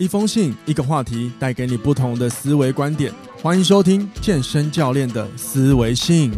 一封信，一個話題，帶給你不同的思維觀點。歡迎收聽健身教練的思維信。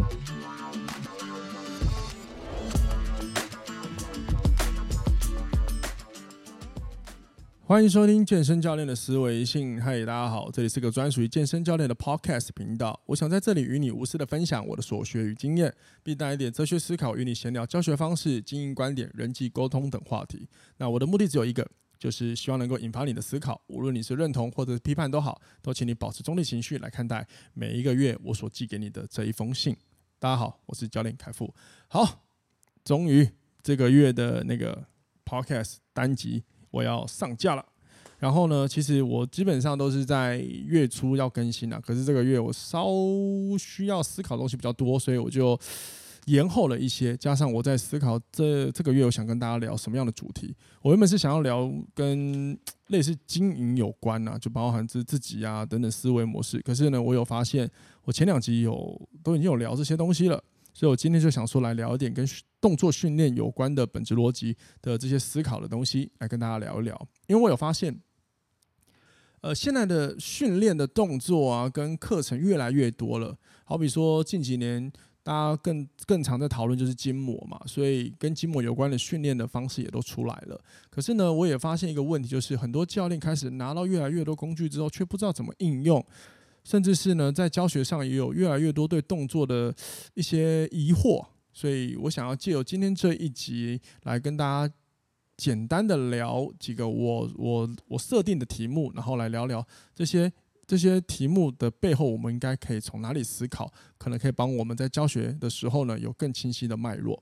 歡迎收聽健身教練的思維信。嗨、hey，大家好，這裡是個專屬於健身教練的 Podcast 頻道。我想在這裡與你無私的分享我的所學與經驗，並帶一點哲學思考與你閒聊，教學方式、經營觀點、人際溝通等話題。那我的目的只有一個。就是希望能夠引發你的思考，無論你是認同或者批判都好，都請你保持中立情緒來看待每一個月我所寄給你的這一封信。大家好，我是教練楷富。好，終於這個月的那個 Podcast 單集我要上架了。然後呢，其實我基本上都是在月初要更新了，可是這個月我稍需要思考的東西比較多，所以我就。延後了一些，加上我在思考這這個月我想跟大家聊什麼樣的主題。我原本是想要聊跟類似經營有關啊，就包含自自己啊等等思維模式。可是呢，我有發現，我前兩集有都已經有聊這些東西了，所以我今天就想說來聊一點跟動作訓練有關的本質邏輯的這些思考的東西，來跟大家聊一聊。因為我有發現，呃，現在的訓練的動作啊，跟課程越來越多了，好比說近幾年。大家更更常在討論就是筋膜嘛，所以跟筋膜有關的訓練的方式也都出來了。可是呢，我也發現一個問題，就是很多教練開始拿到越來越多工具之後，卻不知道怎麼應用，甚至是呢，在教學上也有越來越多對動作的一些疑惑。所以我想要借由今天這一集來跟大家簡單的聊幾個我我我設定的題目，然後來聊聊這些。這些題目的背後，我們應該可以從哪裡思考？可能可以幫我們在教學的時候呢，有更清晰的脈絡，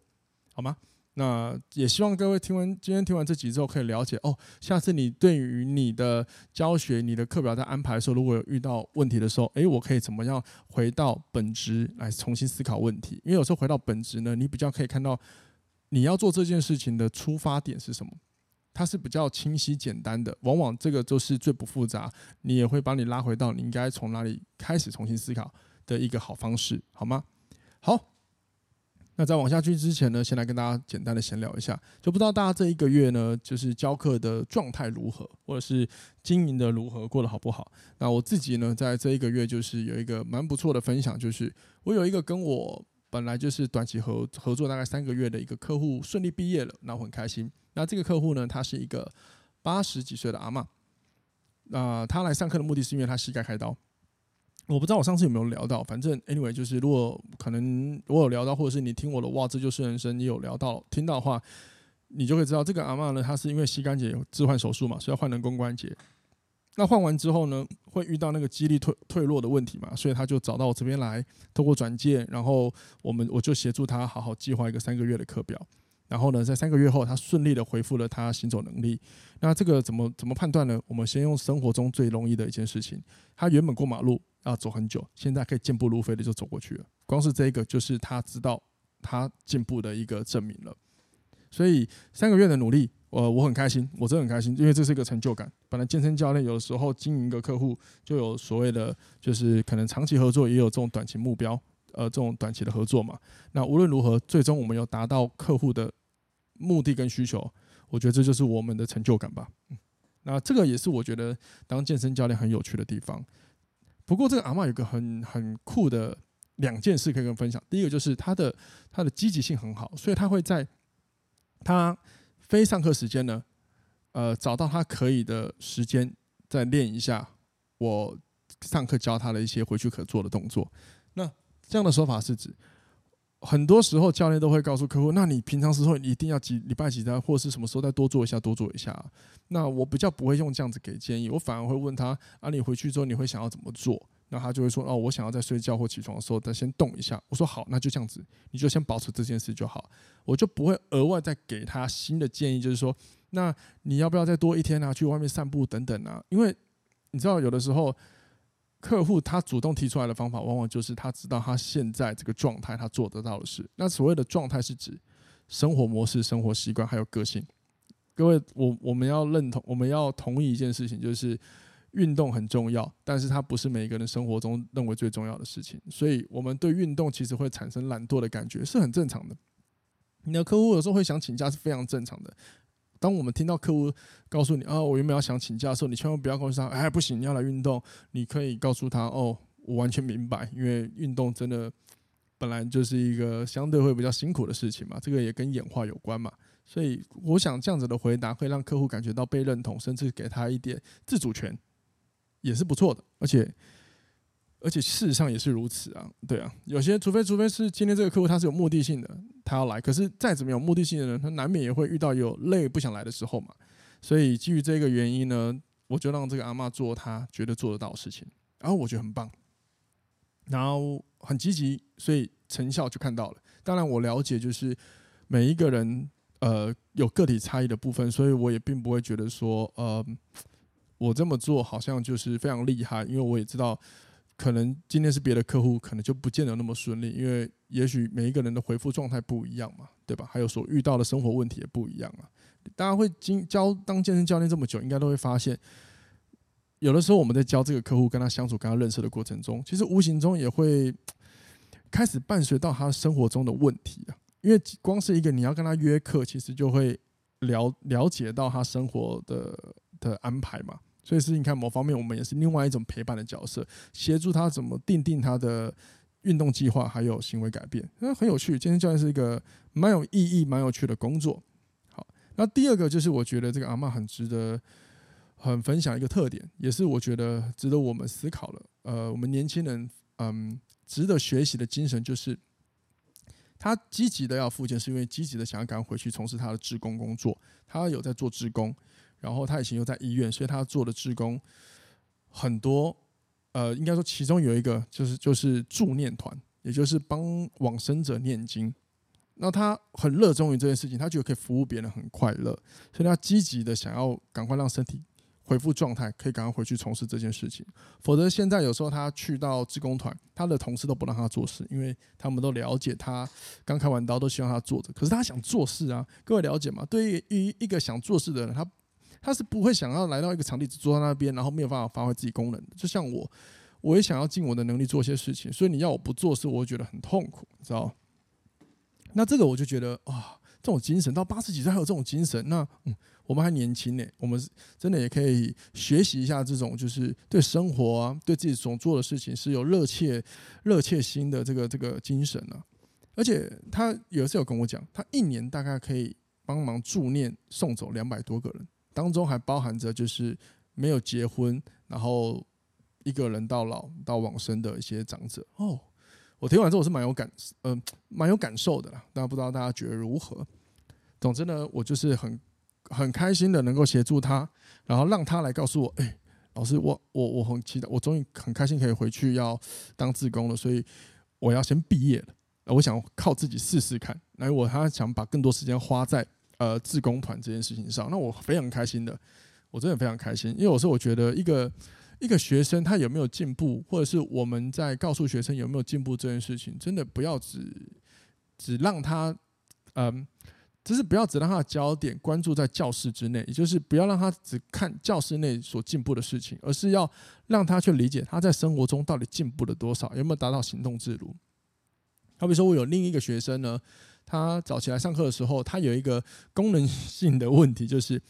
好嗎？那也希望各位聽完今天聽完這集之後，可以了解哦。下次你對於你的教學、你的課表在安排的時候，如果有遇到問題的時候，誒，我可以怎麼樣回到本質來重新思考問題？因為有時候回到本質呢，你比較可以看到你要做這件事情的出發點是什麼。它是比較清晰簡單的，往往這個就是最不複雜，你也會把你拉回到你應該從哪裡開始重新思考的一個好方式，好嗎？好，那在往下去之前呢，先來跟大家簡單的閒聊一下，就不知道大家這一個月呢，就是教課的狀態如何，或者是經營的如何，過得好不好？那我自己呢，在這一個月就是有一個蠻不錯的分享，就是我有一個跟我本來就是短期合合作大概三個月的一個客戶順利畢業了，然後很開心。那這個客戶呢，他是一個八十幾歲的阿嬤，那、呃、他來上課的目的是因為他膝蓋開刀，我不知道我上次有沒有聊到，反正 Anyway 就是如果可能我有聊到，或者是你聽我的哇這就是人生，你有聊到聽到的話，你就會知道這個阿嬤呢，她是因為膝關節置換手術嘛，所以要換人工關節，那換完之後呢，會遇到那個肌力退退落的問題嘛，所以他就找到我這邊來，透過轉介，然後我們我就協助他好好計劃一個三個月的課表。然後呢，在三個月後，他順利的恢復了他行走能力。那這個怎麼怎麼判斷呢？我們先用生活中最容易的一件事情。他原本過馬路要走很久，現在可以健步如飛的就走過去了。光是這個就是他知道他進步的一個證明了。所以三個月的努力，我、呃、我很開心，我真的很開心，因為這是一個成就感。本來健身教練有時候經營一個客戶就有所謂的，就是可能長期合作也有這種短期目標，呃，這種短期的合作嘛。那無論如何，最終我們要達到客戶的。目的跟需求，我覺得這就是我們的成就感吧。那這個也是我覺得當健身教練很有趣的地方。不過這個阿嬤有個很很酷的兩件事可以跟分享。第一個就是他的他的積極性很好，所以他會在他非上課時間呢，呃，找到他可以的時間再練一下我上課教他的一些回去可做的動作。那這樣的說法是指。很多時候，教練都會告訴客戶：“那你平常時候一定要幾禮拜幾天，或者是什麼時候再多做一下，多做一下。”那我比較不會用這樣子給建議，我反而會問他：“啊，你回去之後你會想要怎麼做？”那他就會說：“哦，我想要在睡覺或起床的時候再先動一下。”我說：“好，那就這樣子，你就先保持這件事就好。”我就不會額外再給他新的建議，就是說：“那你要不要再多一天啊？去外面散步等等啊？”因為你知道，有的時候。客戶他主動提出來的方法，往往就是他知道他現在這個狀態，他做得到的事。那所謂的狀態是指生活模式、生活習慣，還有個性。各位，我我們要認同、我們要同意一件事情，就是運動很重要，但是它不是每個人生活中認為最重要的事情。所以我們對運動其實會產生懶惰的感覺，是很正常的。你的客戶有時候會想請假，是非常正常的。當我們聽到客戶告訴你“啊、哦，我原本要想請假的時候”，你千萬不要告訴他“哎，不行，你要來運動”。你可以告訴他：“哦，我完全明白，因為運動真的本來就是一個相對會比較辛苦的事情嘛，這個也跟演化有關嘛。”所以，我想這樣子的回答會讓客戶感覺到被認同，甚至給他一點自主權，也是不錯的。而且，而且事實上也是如此啊，對啊，有些除非除非是今天這個客戶他是有目的性的，他要來，可是再怎麼有目的性的人，他難免也會遇到有累不想來的時候嘛。所以基於這個原因呢，我就讓這個阿嬤，做他覺得做得到的事情，然後我覺得很棒，然後很積極，所以成效就看到了。當然，我了解就是每一個人呃有個體差異的部分，所以我也並不會覺得說呃我這麼做好像就是非常厲害，因為我也知道。可能今天是別的客戶，可能就不見得那麼順利，因為也許每一個人的回復狀態不一樣嘛，對吧？還有所遇到的生活問題也不一樣啊。大家會經，教當健身教練這麼久，應該都會發現，有的時候我們在教這個客戶跟他相處、跟他認識的過程中，其實無形中也會開始伴隨到他生活中的問題啊。因為光是一個你要跟他約課，其實就會了了解到他生活的的安排嘛。所以是，你看某方面，我們也是另外一種陪伴的角色，協助他怎麼訂定他的運動計劃，還有行為改變，那很有趣。健身教練是一個蠻有意義、蠻有趣的工作。好，那第二個就是，我覺得這個阿嬤很值得很分享一個特點，也是我覺得值得我們思考的。呃，我們年輕人，嗯，值得學習的精神就是，他積極的要復健，是因為積極的想要趕快回去從事他的志工工作。他有在做志工。然後他以前又在醫院，所以他做的志工很多，呃，應該說其中有一個就是就是助念團，也就是幫往生者念經。那他很熱衷於這件事情，他覺得可以服務別人，很快樂，所以他積極的想要趕快讓身體恢復狀態，可以趕快回去從事這件事情。否則現在有時候他去到志工團，他的同事都不讓他做事，因為他們都了解他剛開完刀，都希望他坐着。可是他想做事啊，各位了解嗎？對於一個想做事的人，他他是不會想要來到一個場地，只坐在那邊，然後沒有辦法發揮自己功能的。就像我，我也想要盡我的能力做些事情，所以你要我不做事，我會覺得很痛苦，你知道？那這個我就覺得啊、哦，這種精神到八十幾歲還有這種精神，那、嗯、我們還年輕呢，我們真的也可以學習一下這種，就是對生活、啊、對自己所做的事情是有熱切、熱切心的這個這個精神呢、啊。而且他有時候跟我講，他一年大概可以幫忙助念送走兩百多個人。當中還包含着就是沒有結婚，然後一個人到老到往生的一些長者哦。Oh, 我聽完之後我是蠻有感，嗯、呃，蠻有感受的啦。但不知道大家覺得如何？總之呢，我就是很很開心的能夠協助他，然後讓他來告訴我，哎、欸，老師，我我我很期待，我終於很開心可以回去要當自工志工了，所以我要先畢業了。我想靠自己試試看。那我他想把更多時間花在，呃，自工團這件事情上，那我非常開心的，我真的非常開心，因為有時候我覺得一個一個學生他有沒有進步，或者是我們在告訴學生有沒有進步這件事情，真的不要只只讓他，嗯、呃，就是不要只讓他的焦點關注在教室之內，也就是不要讓他只看教室內所進步的事情，而是要讓他去理解他在生活中到底進步了多少，有沒有達到行動自如。好比說，我有另一個學生呢。他早起來上課的時候，他有一個功能性的問題，就是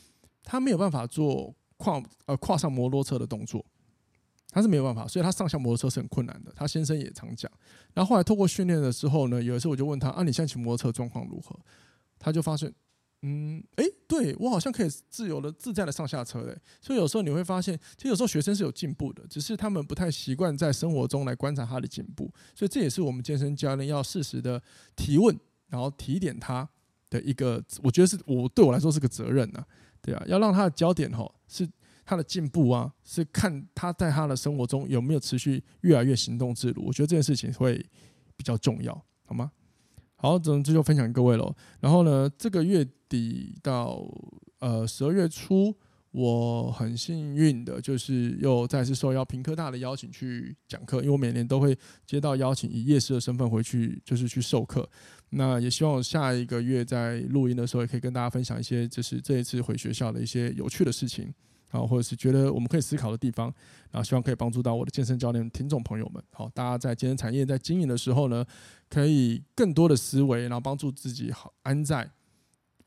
他沒有辦法做跨呃跨上摩托車的動作，他是沒有辦法，所以他上下摩托車是很困難的。他先生也常講，然後後來透過訓練的時候呢，有一次我就問他，啊，你現在騎摩托車狀況如何？他就發現，嗯，誒，對，我好像可以自由的、自在的上下車嘞、欸。所以有時候你會發現，其實有時候學生是有進步的，只是他們不太習慣在生活中來觀察他的進步，所以這也是我們健身教練要適時的提問。然後提點他的一個，我覺得是我對我來說是個責任吶、啊，對啊，要讓他的焦點吼、哦、是他的進步啊，是看他在他的生活中有沒有持續越來越行動自如，我覺得這件事情會比較重要，好嗎？好，只能這就分享給各位嘍。然後呢，這個月底到呃十二月初。我很幸運的，就是又再次受邀屏科大的邀請去講課，因為我每年都會接到邀請，以業師的身份回去，就是去授課。那也希望下一個月在錄音的時候，也可以跟大家分享一些，就是這一次回學校的一些有趣的事情，然後或者是覺得我們可以思考的地方，然後希望可以幫助到我的健身教練聽眾朋友們。好，大家在健身產業在經營的時候呢，可以更多的思維，然後幫助自己好安在。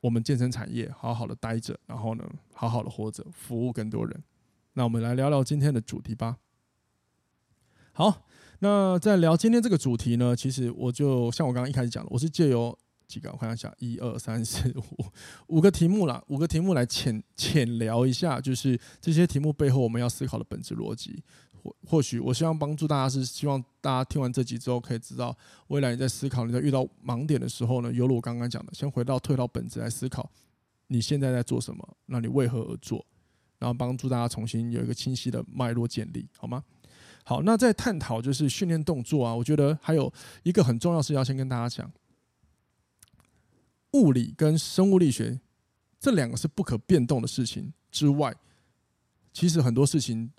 我們健身產業好好的待着，然後呢，好好的活着，服務更多人。那我們來聊聊今天的主題吧。好，那在聊今天這個主題呢，其實我就像我剛剛一開始講的，我是借由。幾個、啊、我看一下，一二三四五五個題目啦。五個題目來淺淺聊一下，就是這些題目背後我們要思考的本質邏輯。或或許我希望幫助大家是希望大家聽完這集之後可以知道，未來你在思考你在遇到盲點的時候呢，有如我剛剛講的，先回到退到本質來思考，你現在在做什麼？那你為何而做？然後幫助大家重新有一個清晰的脈絡建立，好嗎？好，那在探討就是訓練動作啊，我覺得還有一個很重要是要先跟大家講，物理跟生物力學這兩個是不可變動的事情之外，其實很多事情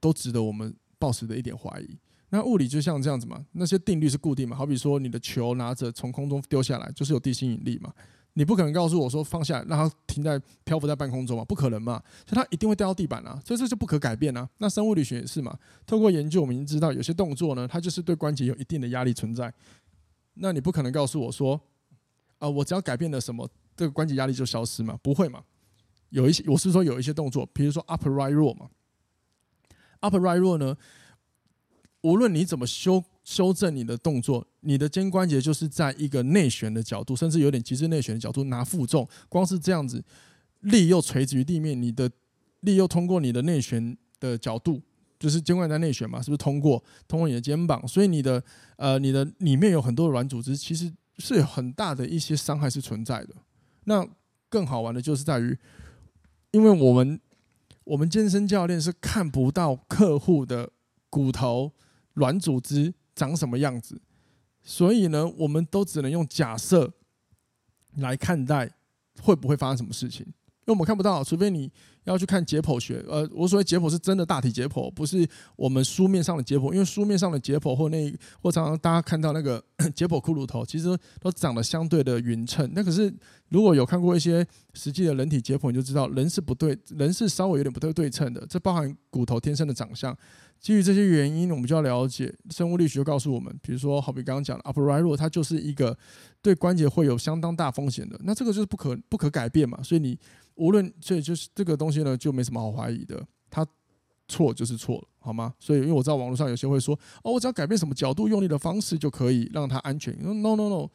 都值得我們抱持的一點懷疑。那物理就像這樣子嘛，那些定律是固定嘛，好比說你的球拿着從空中丟下來，就是有地心引力嘛，你不可能告訴我說放下來讓它停在漂浮在半空中嘛，不可能嘛，所以它一定會掉到地板啊，所以這就不可改變啊。那生物力學也是嘛，透過研究我們已經知道有些動作呢，它就是對關節有一定的壓力存在，那你不可能告訴我說。啊、呃，我只要改變了什麼，這個關節壓力就消失嗎？不會嘛。有一些，我是說有一些動作，比如說 upright row 嘛，upright row 呢，無論你怎麼修修正你的動作，你的肩關節就是在一個內旋的角度，甚至有點極致內旋的角度拿負重，光是這樣子，力又垂直於地面，你的力又通過你的內旋的角度，就是肩關節在內旋嘛，是不是通過通過你的肩膀？所以你的呃，你的裡面有很多軟組織，其實。是有很大的一些傷害是存在的。那更好玩的就是在於，因為我們我們健身教練是看不到客戶的骨頭、軟組織長什麼樣子，所以呢，我們都只能用假設來看待會不會發生什麼事情。因為我們看不到，除非你要去看解剖學。呃，我所謂解剖是真的大體解剖，不是我們書面上的解剖。因為書面上的解剖或那或常常大家看到那個呵呵解剖骷髏頭，其實都長得相對的勻稱。那可是如果有看過一些實際的人體解剖，你就知道人是不對，人是稍微有點不太對稱的。這包含骨頭天生的長相。基於這些原因，我們就要了解生物力學就告訴我們，比如說好比剛剛講的 upright，它就是一個對關節會有相當大風險的，那這個就是不可不可改變嘛。所以你。無論，所以就是這個東西呢，就沒什麼好懷疑的。它錯就是錯了，好嗎？所以因為我知道網絡上有些會說哦，我只要改變什麼角度用力的方式就可以讓它安全。No, no no no，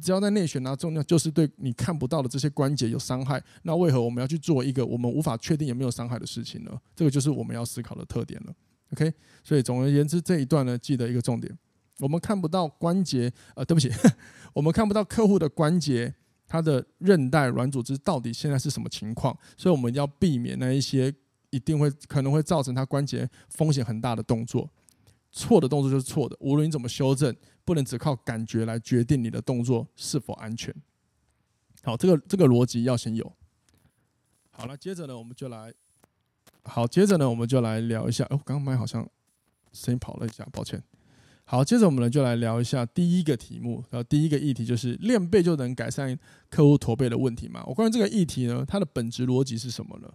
只要在內旋拿重量，就是對你看不到的這些關節有傷害。那為何我們要去做一個我們無法確定有沒有傷害的事情呢？這個就是我們要思考的特點了。OK，所以總而言之這一段呢，記得一個重點：我們看不到關節啊、呃，對不起， 我們看不到客戶的關節。它的韌帶、軟組織到底現在是什麼情況？所以我們要避免那一些一定會可能會造成它關節風險很大的動作。錯的動作就是錯的，無論你怎麼修正，不能只靠感覺來決定你的動作是否安全。好，這個這個邏輯要先有。好了，接着呢，我們就來。好，接着呢，我們就來聊一下。哦，剛剛麥好像聲音跑了一下，抱歉。好，接着我們呢就來聊一下第一個題目，呃，第一個議題就是練背就能改善客戶駝背的問題嘛？我關於這個議題呢，它的本質邏輯是什麼呢？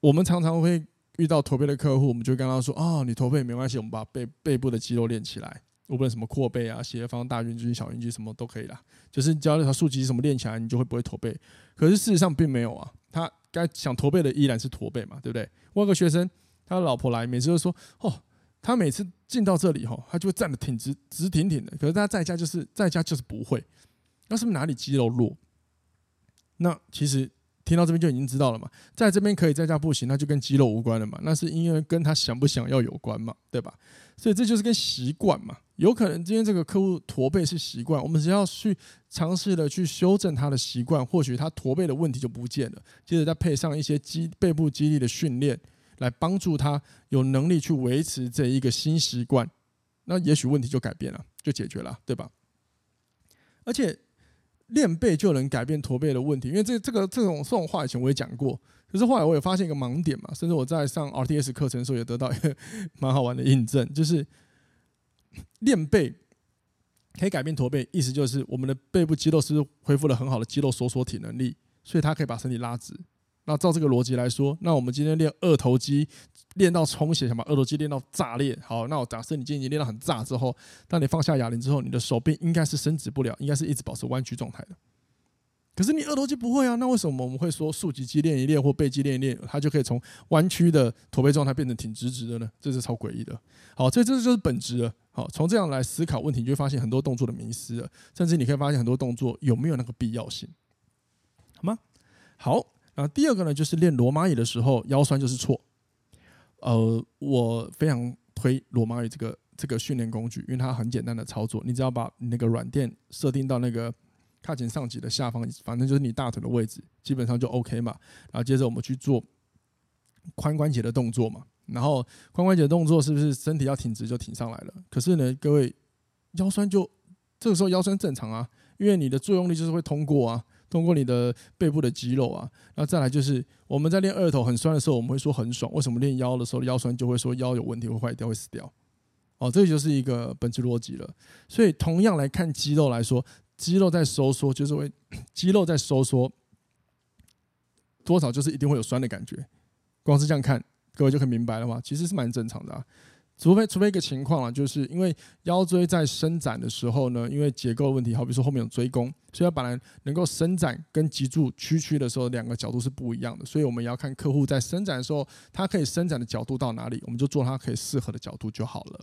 我們常常會遇到駝背的客戶，我們就會跟他說：“啊、哦，你駝背沒關係，我們把背背部的肌肉練起來，無論什麼闊背啊、斜方、大圓肌、小圓肌什麼都可以啦，就是你只要那條豎脊肌什麼練起來，你就會不會駝背。”可是事實上並沒有啊，他該想駝背的依然是駝背嘛，對不對？我有個學生，他的老婆來每次都說：“哦。”他每次進到這裡哈，他就會站得挺直，直挺挺的。可是他在家就是在家就是不會，那是不是哪裡肌肉弱？那其實聽到這邊就已經知道了嘛，在這邊可以，在家不行，那就跟肌肉無關了嘛，那是因為跟他想不想要有關嘛，對吧？所以這就是跟習慣嘛。有可能今天這個客戶駝背是習慣，我們只要去嘗試的去修正他的習慣，或許他駝背的問題就不見了。接着再配上一些肌背部肌力的訓練。來幫助他有能力去維持這一個新習慣，那也許問題就改變了，就解決了，對吧？而且練背就能改變駝背的問題，因為這這個這種這種話以前我也講過，可、就是後來我也發現一個盲點嘛，甚至我在上 RTS 課程的時候也得到一個蠻好玩的印證，就是練背可以改變駝背，意思就是我們的背部肌肉是，是恢復了很好的肌肉收縮體能力，所以它可以把身體拉直。那照這個邏輯來說，那我們今天練二頭肌，練到充血，想把二頭肌練到炸裂。好，那我假設你今天已經練到很炸之後，當你放下啞鈴之後，你的手臂應該是伸直不了，應該是一直保持彎曲狀態的。可是你二頭肌不會啊？那為什麼我們會說豎脊肌練一練或背肌練一練，它就可以從彎曲的駝背狀態變得挺直直的呢？這是超詭異的。好，這這就是本質了。好，從這樣來思考問題，你就會發現很多動作的迷失了，甚至你可以發現很多動作有沒有那個必要性，好嗎？好。啊，第二個呢，就是練羅馬椅的時候腰酸就是錯。呃，我非常推羅馬椅這個這個訓練工具，因為它很簡單的操作，你只要把你那個軟墊設定到那個髂前上棘的下方，反正就是你大腿的位置，基本上就 OK 嘛。然後接着我們去做髖關節的動作嘛。然後髖關節的動作是不是身體要挺直就挺上來了？可是呢，各位腰酸就這個時候腰酸正常啊，因為你的作用力就是會通過啊。通過你的背部的肌肉啊，那再來就是我們在練二頭很酸的時候，我們會說很爽。為什麼練腰的時候腰酸就會說腰有問題會壞掉會死掉？哦，這就是一個本質邏輯了。所以同樣來看肌肉來說，肌肉在收縮就是會肌肉在收縮，多少就是一定會有酸的感覺。光是這樣看，各位就可以明白了嗎？其實是蠻正常的啊。除非，除非一個情況啊，就是因為腰椎在伸展的時候呢，因為結構問題，好比說後面有椎弓，所以要本來能夠伸展跟脊柱屈曲，曲的時候，兩個角度是不一樣的。所以我們也要看客戶在伸展的時候，他可以伸展的角度到哪裡，我們就做他可以適合的角度就好了。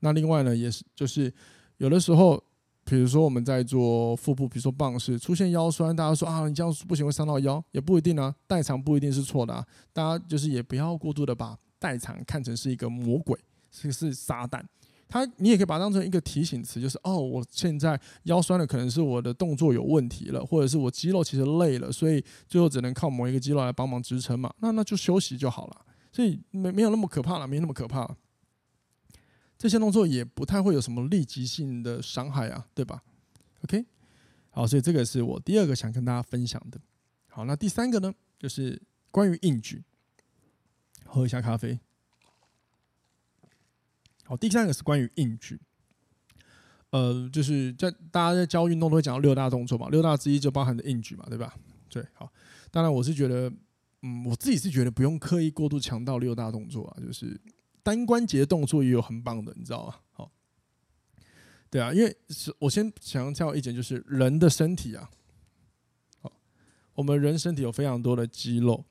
那另外呢，也是就是有的時候，比如說我們在做腹部，比如說棒式出現腰酸，大家說啊，你這樣不行，會傷到腰，也不一定啊，代償不一定是錯的啊，大家就是也不要過度的把代償看成是一個魔鬼。這個是撒旦，他你也可以把它當成一個提醒詞，就是哦，我現在腰酸了，可能是我的動作有問題了，或者是我肌肉其實累了，所以最後只能靠某一個肌肉來幫忙支撐嘛，那那就休息就好了，所以沒沒有那麼可怕了，沒那麼可怕，麼可怕，這些動作也不太會有什麼立即性的傷害啊，對吧？OK，好，所以這個是我第二個想跟大家分享的。好，那第三個呢，就是關於硬舉，喝一下咖啡。好，第三個是關於硬舉，呃，就是在大家在教運動都會講到六大動作嘛，六大之一就包含着硬舉嘛，對吧？對，好，當然我是覺得，嗯，我自己是覺得不用刻意過度強調六大動作啊，就是單關節動作也有很棒的，你知道嗎、啊？好，對啊，因為是我先強調一點，就是人的身體啊，好，我們人身體有非常多的肌肉，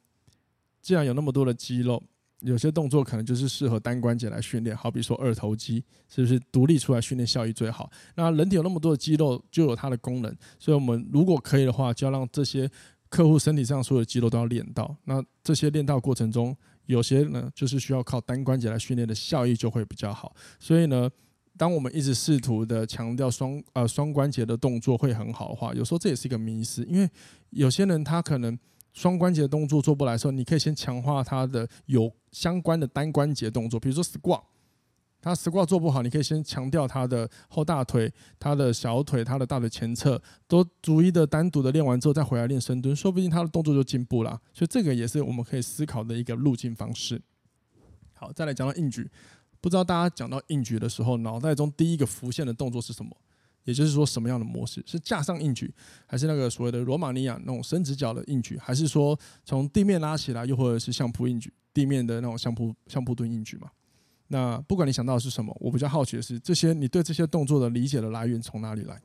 既然有那麼多的肌肉。有些動作可能就是適合單關節來訓練，好比說二頭肌，是不是獨立出來訓練效益最好？那人體有那麼多的肌肉，就有它的功能，所以我們如果可以的話，就要讓這些客戶身體上所有的肌肉都要練到。那這些練到過程中，有些呢就是需要靠單關節來訓練的效益就會比較好。所以呢，當我們一直試圖的強調雙呃雙關節的動作會很好的話，有時候這也是一個迷思，因為有些人他可能。雙關節動作做不來的時候，你可以先強化他的有相關的單關節動作，比如說 squat，他 squat 做不好，你可以先強調他的後大腿、他的小腿、他的大腿前側，都逐一的單獨的練完之後，再回來練深蹲，說不定他的動作就進步了。所以這個也是我們可以思考的一個路徑方式。好，再來講到硬舉，不知道大家講到硬舉的時候，腦袋中第一個浮現的動作是什麼？也就是說，什麼樣的模式是架上硬舉，還是那個所謂的羅馬尼亞那種伸直腳的硬舉，還是說從地面拉起來，又或者是相撲硬舉，地面的那種相撲相撲蹲硬舉嘛？那不管你想到的是什麼，我比較好奇的是，這些你對這些動作的理解的來源從哪裡來？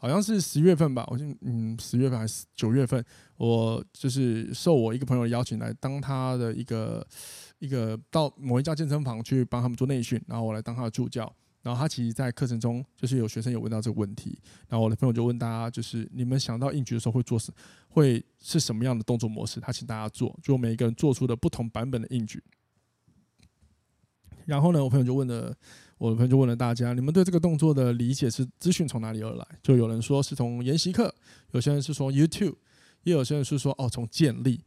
好像是十月份吧，我就嗯，十月份還是九月份，我就是受我一個朋友的邀請來當他的一個一個到某一家健身房去幫他們做內訓，然後我來當他的助教。然後他其實，在課程中就是有學生有問到這個問題，然後我的朋友就問大家，就是你們想到硬舉的時候會做什，會是什麼樣的動作模式？他請大家做，就每個人做出的不同版本的硬舉。然後呢，我朋友就問了，我朋友就問了大家，你們對這個動作的理解是資訊從哪裡而來？就有人說是從研習課，有些人是說 YouTube，也有些人是說哦從建立。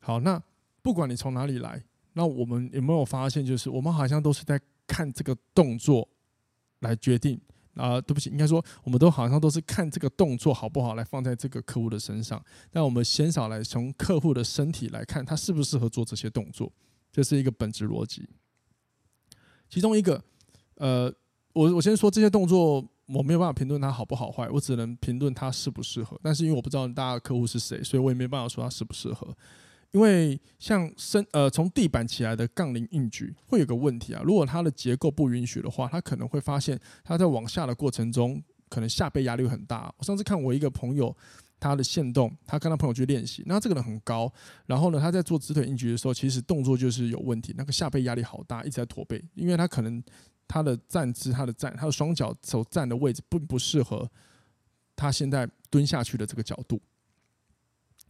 好，那不管你從哪裡來，那我們有沒有發現，就是我們好像都是在看這個動作。來決定啊、呃，對不起，應該說我們都好像都是看這個動作好不好來放在這個客戶的身上，但我們鮮少來從客戶的身體來看他適不適合做這些動作，這是一個本質邏輯。其中一個，呃，我我先說這些動作，我沒有辦法評論它好不好壞，我只能評論它適不適合。但是因為我不知道大家的客戶是誰，所以我也沒辦法說他適不適合。因為像身呃從地板起來的槓鈴硬舉會有個問題啊，如果它的結構不允許的話，他可能會發現他在往下的過程中，可能下背壓力很大。我上次看我一個朋友，他的限動，他跟他朋友去練習，那這個人很高，然後呢，他在做直腿硬舉的時候，其實動作就是有問題，那個下背壓力好大，一直在駝背，因為他可能他的站姿、他的站、他的雙腳所站的位置並不適合他現在蹲下去的這個角度。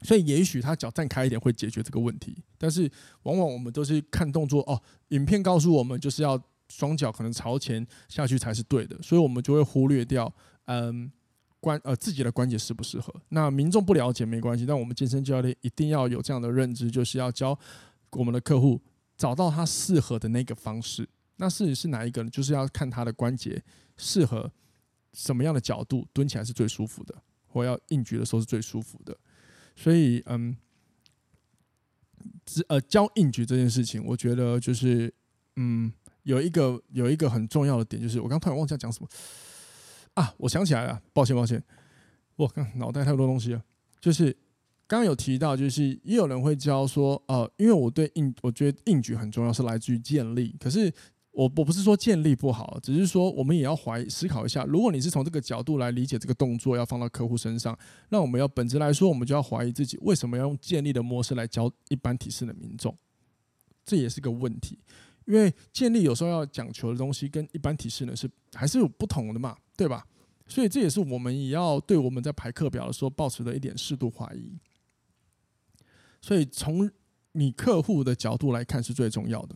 所以也許他腳站開一點會解決這個問題，但是往往我們都是看動作哦。影片告訴我們就是要雙腳可能朝前下去才是對的，所以我們就會忽略掉嗯關呃自己的關節適不適合。那民眾不了解沒關係，但我們健身教練一定要有這樣的認知，就是要教我們的客戶找到他適合的那個方式。那是是哪一個呢？就是要看他的關節適合什麼樣的角度蹲起來是最舒服的，或要硬舉的時候是最舒服的。所以，嗯，只呃教硬舉這件事情，我覺得就是，嗯，有一個有一個很重要的點，就是我剛剛突然忘記講什麼啊，我想起來了，抱歉抱歉，我剛腦袋太多東西了，就是剛剛有提到，就是也有人會教說，呃，因為我對硬我覺得硬舉很重要，是來自於建立，可是。我我不是說健力不好，只是說我們也要懷疑思考一下，如果你是從這個角度來理解這個動作，要放到客戶身上，那我們要本質來說，我們就要懷疑自己為什麼要用健力的模式來教一般提示的民眾，這也是個問題，因為健力有時候要講求的東西跟一般提示呢是還是有不同的嘛，對吧？所以這也是我們也要對我們在排課表的時候保持的一點適度懷疑。所以從你客戶的角度來看是最重要的，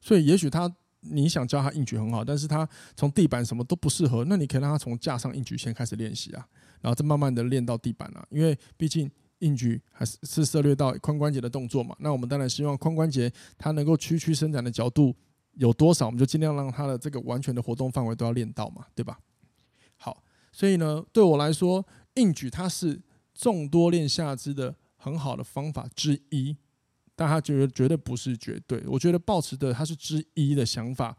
所以也許他。你想教他硬舉很好，但是他從地板什麼都不適合，那你可以讓他從架上硬舉先開始練習啊，然後再慢慢的練到地板啊，因為畢竟硬舉還是是涉獵到髖關節的動作嘛，那我們當然希望髖關節它能夠屈曲、伸展的角度有多少，我們就盡量讓它的這個完全的活動範圍都要練到嘛，對吧？好，所以呢，對我來說，硬舉它是眾多練下肢的很好的方法之一。但他覺得絕對不是絕對，我覺得抱持的他是之一的想法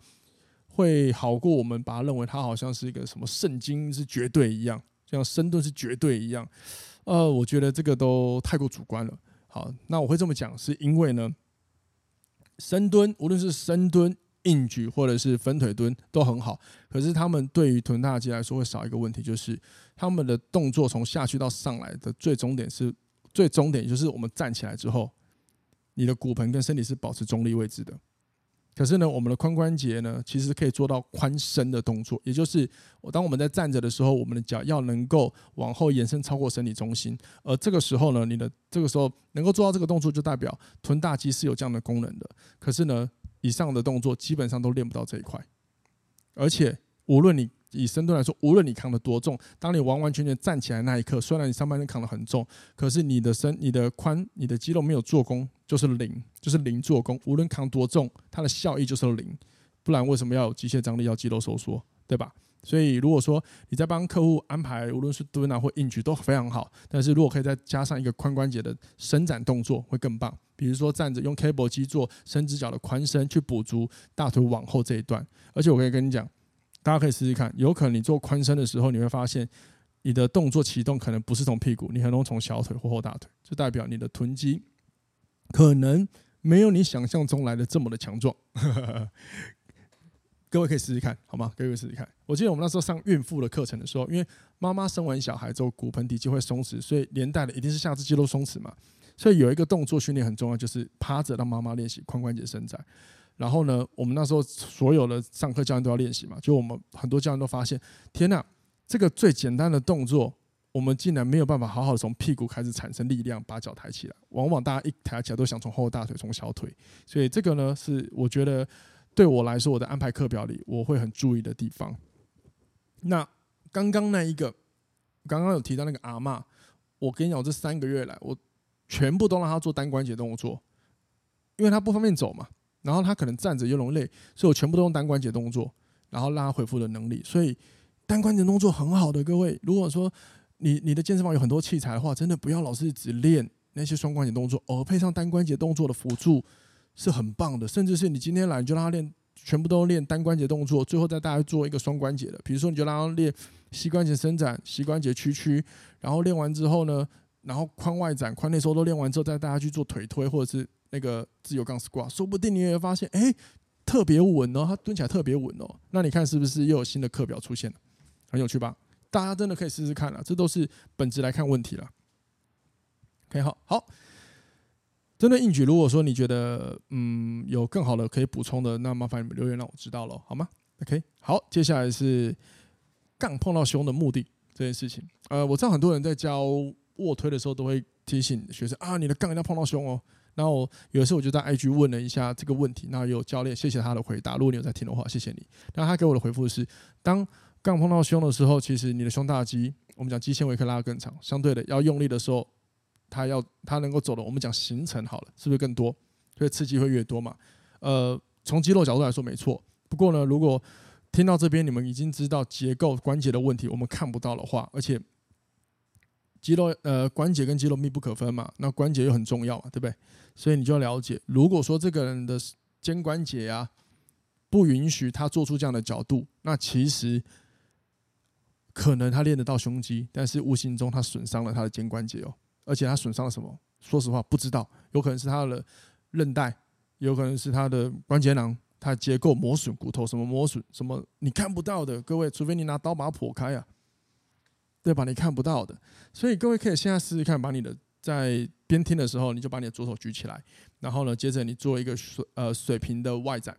會好過我們把它認為它好像是一個什麼聖經是絕對一樣，像深蹲是絕對一樣。呃，我覺得這個都太過主觀了。好，那我會這麼講，是因為呢，深蹲無論是深蹲、硬舉或者是分腿蹲都很好，可是他們對於臀大肌來說會少一個問題，就是他們的動作從下去到上來的最終點是最終點，就是我們站起來之後。你的骨盆跟身體是保持中立位置的，可是呢，我們的髖關節呢，其實可以做到髖伸的動作，也就是當我們在站着的時候，我們的腳要能夠往後延伸超過身體中心，而這個時候呢，你的這個時候能夠做到這個動作，就代表臀大肌是有這樣的功能的。可是呢，以上的動作基本上都練不到這一塊，而且。無論你以深蹲來說，無論你扛得多重，當你完完全全站起來那一刻，雖然你上半身扛得很重，可是你的身、你的髖、你的肌肉沒有做功，就是零，就是零做功。無論扛得多重，它的效益就是零。不然為什麼要有機械張力、要肌肉收縮，對吧？所以如果說你在幫客戶安排，無論是蹲啊或硬舉都非常好，但是如果可以再加上一個髖關節的伸展動作會更棒。比如說站着用 cable 機做伸直腳的髖伸，去補足大腿往後這一段。而且我可以跟你講。大家可以試試看，有可能你做髖伸的時候，你會發現你的動作啟動可能不是從屁股，你可能從小腿或後大腿，就代表你的臀肌，可能沒有你想象中來的這麼的強壯。 各位可以試試看，好嗎？各位試試看。我記得我們那時候上孕婦的課程的時候，因為媽媽生完小孩之後骨盆底肌會鬆弛，所以連帶的一定是下肢肌肉鬆弛嘛。所以有一個動作訓練很重要，就是趴着讓媽媽練習髖關節伸展。然後呢，我們那時候所有的上課教練都要練習嘛。就我們很多教練都發現，天哪，這個最簡單的動作，我們竟然沒有辦法好好的從屁股開始產生力量，把腳抬起來。往往大家一抬起來，都想從後大腿從小腿。所以這個呢，是我覺得對我來說，我的安排課表裡我會很注意的地方。那剛剛那一個，剛剛有提到那個阿嬤，我跟你講，我這三個月來，我全部都讓她做單關節動作，因為她不方便走嘛。然後他可能站着又容易累，所以我全部都用單關節動作，然後讓他恢復的能力。所以單關節動作很好的，各位，如果說你你的健身房有很多器材的話，真的不要老是只練那些雙關節動作哦，配上單關節動作的輔助是很棒的。甚至是你今天來你就讓他練全部都練單關節動作，最後帶大家做一個雙關節的，比如說你就讓他練膝關節伸展、膝關節屈曲、曲，然後練完之後呢，然後髖外展、髖內收都練完之後，帶大家去做腿推或者是。那個自由槓 squat，說不定你也會發現，哎、欸，特別穩哦，它蹲起來特別穩哦。那你看是不是又有新的課表出現了？很有趣吧？大家真的可以試試看啊，這都是本質來看問題了。可以好好，真的硬舉。如果說你覺得嗯有更好的可以補充的，那麻煩你們留言讓我知道了好嗎？OK，好，接下來是槓碰到胸的目的這件事情。呃，我知道很多人在教臥推的時候都會提醒學生啊，你的槓一定要碰到胸哦。那我有時候我就在 IG 問了一下這個問題，那有教練，謝謝他的回答。如果你有在聽的話，謝謝你。那他給我的回復是：當槓碰到胸的時候，其實你的胸大肌，我們講肌纖維可以拉得更長，相對的要用力的時候，他要他能夠走的，我們講行程好了，是不是更多？所以刺激會越多嘛？呃，從肌肉角度來說沒錯。不過呢，如果聽到這邊你們已經知道結構關節的問題，我們看不到的話，而且。肌肉呃，關節跟肌肉密不可分嘛，那關節又很重要嘛，對不對？所以你就要了解，如果說這個人的肩關節呀，啊，不允許他做出這樣的角度，那其實可能他練得到胸肌，但是無形中他損傷了他的肩關節哦，而且他損傷了什麼？說實話不知道，有可能是他的韌帶，有可能是他的關節囊，它結構磨損、骨頭什麼磨損什麼，你看不到的，各位，除非你拿刀把它剖開啊。對吧？你看不到的，所以各位可以現在試試看，把你的在邊聽的時候，你就把你的左手舉起來，然後呢，接着你做一個水呃水平的外展，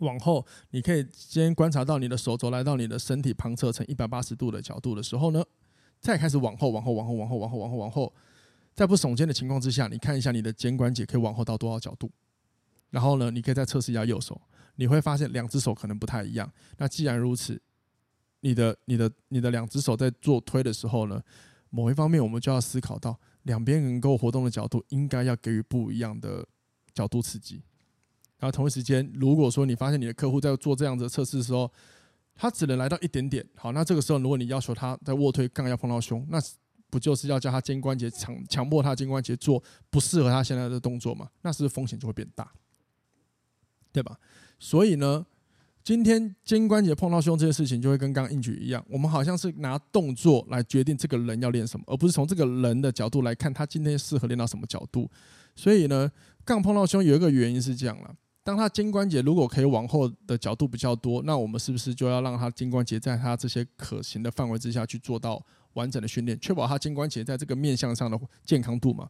往後，你可以先觀察到你的手肘來到你的身體旁側呈一百八十度的角度的時候呢，再開始往後，往後，往後，往後，往後，往後，在不聳肩的情況之下，你看一下你的肩關節可以往後到多少角度，然後呢，你可以再測試一下右手，你會發現兩隻手可能不太一樣。那既然如此。你的你的你的兩只手在做推的時候呢，某一方面我們就要思考到兩邊能夠活動的角度應該要給予不一樣的角度刺激。然後同一時間，如果說你發現你的客戶在做這樣的測試的時候，他只能來到一點點，好，那這個時候如果你要求他在臥推槓要碰到胸，那不就是要叫他肩關節強強迫他肩關節做不適合他現在的動作嗎？那是不是風險就會變大？對吧？所以呢，今天肩關節碰到胸這件事情，就會跟剛剛硬舉一樣。我們好像是拿動作來決定這個人要練什麼，而不是從這個人的角度來看他今天適合練到什麼角度。所以呢，槓碰到胸有一個原因是這樣了：當他肩關節如果可以往後的角度比較多，那我們是不是就要讓他肩關節在他這些可行的範圍之下去做到完整的訓練，確保他肩關節在這個面向上的健康度嘛？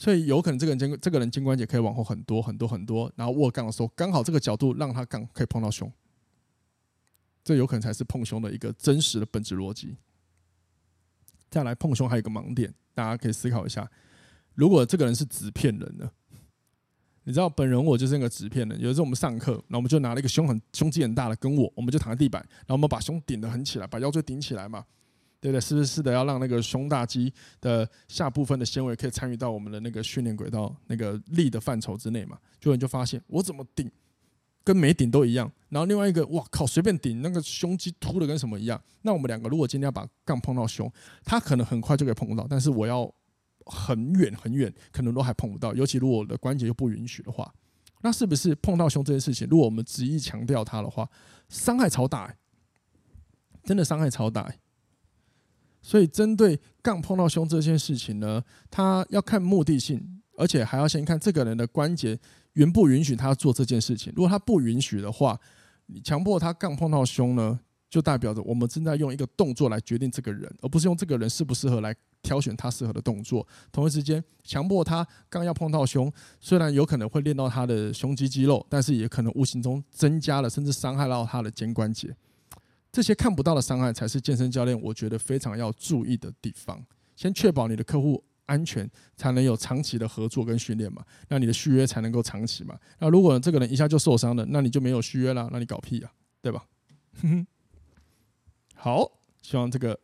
所以有可能這個人肩這個人肩關節可以往後很多很多很多，然後握槓的時候剛好這個角度讓他槓可以碰到胸，這有可能才是碰胸的一個真實的本質邏輯。再來碰胸還有一個盲點，大家可以思考一下，如果這個人是紙片人呢？你知道本人我就是那個紙片人，有時候我們上課，然後我們就拿了一個胸很胸肌很大的跟我，我們就躺在地板，然後我們把胸頂得很起來，把腰椎頂起來嘛。對的，是不是的？要讓那個胸大肌的下部分的纖維可以參與到我們的那個訓練軌道那個力的範疇之內嘛？就你就發現我怎麼頂，跟沒頂都一樣。然後另外一個，哇靠，隨便頂那個胸肌凸的跟什麼一樣。那我們兩個如果今天要把槓碰到胸，他可能很快就可以碰到，但是我要很遠很遠，可能都還碰不到。尤其如果我的關節又不允許的話，那是不是碰到胸這件事情，如果我們執意強調它的話，傷害超大、欸，真的傷害超大、欸。所以，針對槓碰到胸這件事情呢，他要看目的性，而且還要先看這個人的關節允不允許他做這件事情。如果他不允許的話，你強迫他槓碰到胸呢，就代表着我們正在用一個動作來決定這個人，而不是用這個人適不適合來挑選他適合的動作。同一時間，強迫他槓要碰到胸，雖然有可能會練到他的胸肌肌肉，但是也可能無形中增加了，甚至傷害到他的肩關節。這些看不到的傷害才是健身教練我覺得非常要注意的地方。先確保你的客戶安全，才能有長期的合作跟訓練嘛。那你的續約才能夠長期嘛。那如果這個人一下就受傷了，那你就沒有續約了、啊，那你搞屁啊，對吧？哼哼，好，希望這個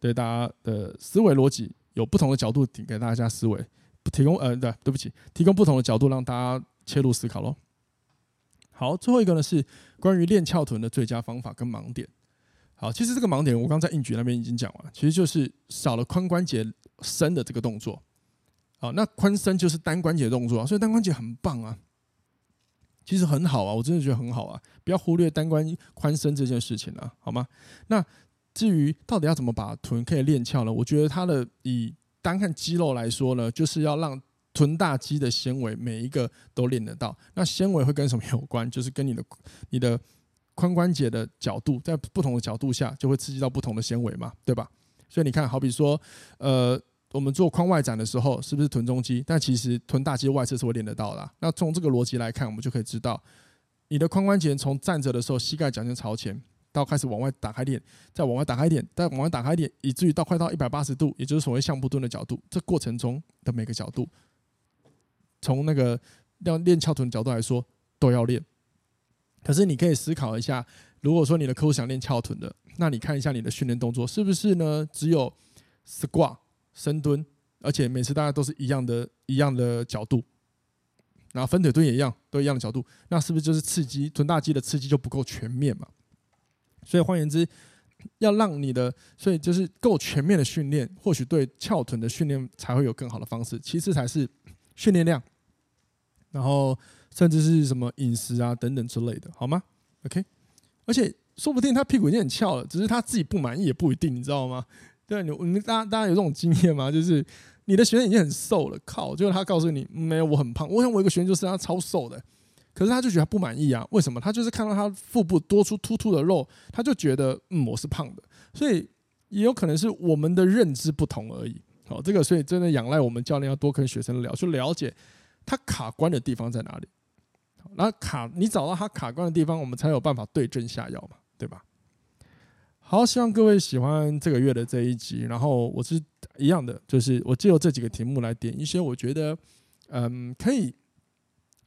對大家的思維邏輯有不同的角度，給給大家思維提供，呃，對對不起，提供不同的角度讓大家切入思考咯。好，最後一個呢，是關於練翹臀的最佳方法跟盲點。好，其實這個盲點我剛在硬舉那邊已經講完了，其實就是少了髖關節伸的這個動作。好，那髖伸就是單關節動作啊，所以單關節很棒啊，其實很好啊，我真的覺得很好啊，不要忽略單關髖伸這件事情啊，好嗎？那至於到底要怎麼把臀可以練翹呢？我覺得它的以單看肌肉來說呢，就是要讓臀大肌的纖維每一個都練得到。那纖維會跟什麼有關？就是跟你的你的。髖關節的角度，在不同的角度下，就會刺激到不同的纖維嘛，對吧？所以你看，好比說，呃，我們做髖外展的時候，是不是臀中肌？但其實臀大肌外側是會練得到的啦。那從這個邏輯來看，我們就可以知道，你的髖關節從站着的時候，膝蓋腳尖朝前，到開始往外打開一點，再往外打開點，再往外打開點，以至於到快到一百八十度，也就是所謂相撲蹲的角度，這過程中的每個角度，從那個要練翹臀角度來說，都要練。可是你可以思考一下，如果說你的客戶想練翹臀的，那你看一下你的訓練動作是不是呢？只有 squat 深蹲，而且每次大家都是一樣的、一樣的角度，然後分腿蹲也一樣，都一樣的角度，那是不是就是刺激臀大肌的刺激就不夠全面嘛？所以換言之，要讓你的，所以就是夠全面的訓練，或許對翹臀的訓練才會有更好的方式。其次才是訓練量，然後。甚至是什麼飲食啊等等之類的，好嗎？OK，而且說不定他屁股已經很翹了，只是他自己不滿意也不一定，你知道嗎？對，你你大家大家有這種經驗嗎？就是你的學生已經很瘦了，靠，就是他告訴你沒有、嗯、我很胖，我想我有個學生就是他超瘦的，可是他就覺得他不滿意啊？為什麼？他就是看到他腹部多出突突的肉，他就覺得嗯我是胖的，所以也有可能是我們的認知不同而已。好，這個所以真的仰賴我們教練要多跟學生聊，去了解他卡關的地方在哪裡。那卡，你找到他卡關的地方，我們才有辦法對症下藥嘛，對吧？好，希望各位喜歡這個月的這一集。然後我是一樣的，就是我借由這幾個題目來點一些我覺得嗯可以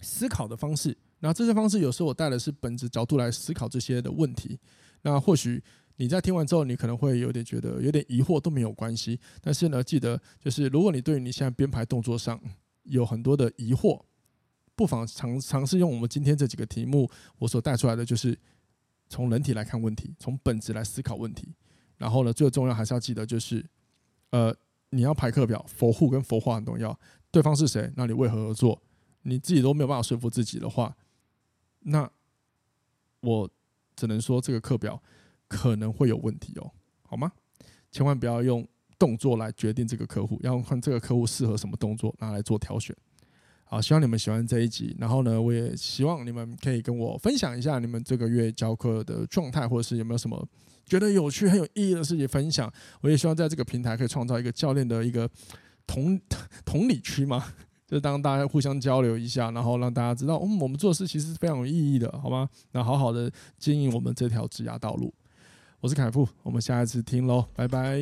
思考的方式。然後這些方式有時候我帶的是本質角度來思考這些的問題。那或許你在聽完之後，你可能會有點覺得有點疑惑，都沒有關係。但是呢，記得就是如果你對你現在編排動作上有很多的疑惑，不妨嘗嘗試用我們今天這幾個題目，我所帶出來的就是從人體來看問題，從本質來思考問題。然後呢，最重要還是要記得，就是呃，你要排課表，for who 跟 for what 很重要。對方是誰？那你為何而做？你自己都沒有辦法說服自己的話，那我只能說這個課表可能會有問題哦、喔，好嗎？千萬不要用動作來決定這個客戶，要看這個客戶適合什麼動作，拿來做挑選。好，希望你們喜歡這一集。然後呢，我也希望你們可以跟我分享一下你們這個月教課的狀態，或者是有沒有什麼覺得有趣、很有意義的事情分享。我也希望在這個平台可以創造一個教練的一個同同理區嘛，就是當大家互相交流一下，然後讓大家知道，嗯、哦，我們做事其實是非常有意義的，好嗎？那好好的經營我們這條職涯道路。我是凱富，我們下一次聽嘍，拜拜。